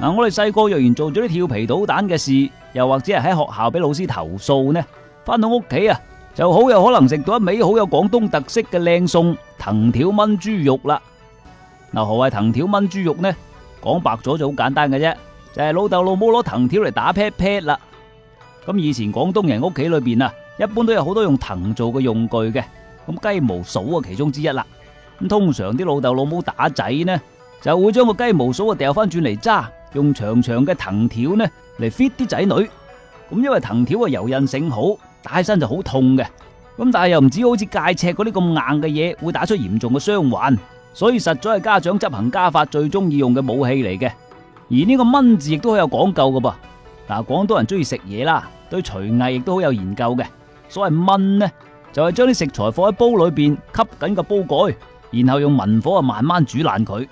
嗱、啊，我哋細個若然做咗啲調皮搗蛋嘅事，又或者係喺學校俾老師投訴呢，翻到屋企啊，就好有可能食到一味好有廣東特色嘅靚餸——藤條炆豬肉啦。嗱、啊，何謂藤條炆豬肉呢？講白咗就好簡單嘅啫，就係老豆老母攞藤條嚟打 pat pat 啦。咁、啊、以前廣東人屋企裏邊啊，一般都有好多用藤做嘅用具嘅，咁、啊、雞毛掃啊其中之一啦。咁、啊、通常啲老豆老母打仔呢，就會將個雞毛掃啊掉翻轉嚟揸。用長長嘅藤條呢嚟 fit 啲仔女，咁因為藤條啊柔韌性好，打起身就好痛嘅，咁但係又唔似好似戒尺嗰啲咁硬嘅嘢，會打出嚴重嘅傷患，所以實在係家長執行家法最中意用嘅武器嚟嘅。而呢個燜字亦都好有講究㗎噃，嗱，廣東人中意食嘢啦，對廚藝亦都好有研究嘅，所謂炆呢，就係將啲食材放喺煲裏邊，吸緊個煲蓋，然後用文火啊慢慢煮爛佢。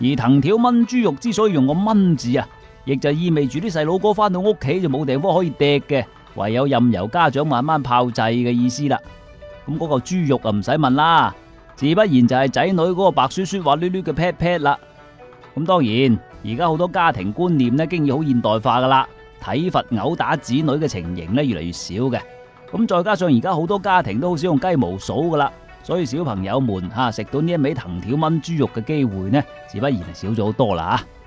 而藤條炆豬肉之所以用個炆字啊，亦就意味住啲細佬哥翻到屋企就冇地方可以趯嘅，唯有任由家長慢慢炮製嘅意思啦。咁嗰嚿豬肉啊唔使問啦，自不然就係仔女嗰個白雪雪滑溜溜嘅 pat pat 啦。咁當然，而家好多家庭觀念呢，經已好現代化噶啦，體罰毆打子女嘅情形呢，越嚟越少嘅。咁再加上而家好多家庭都好少用雞毛掃噶啦。所以小朋友們嚇食到呢一味藤條炆豬肉嘅機會呢，自不然係少咗好多啦嚇。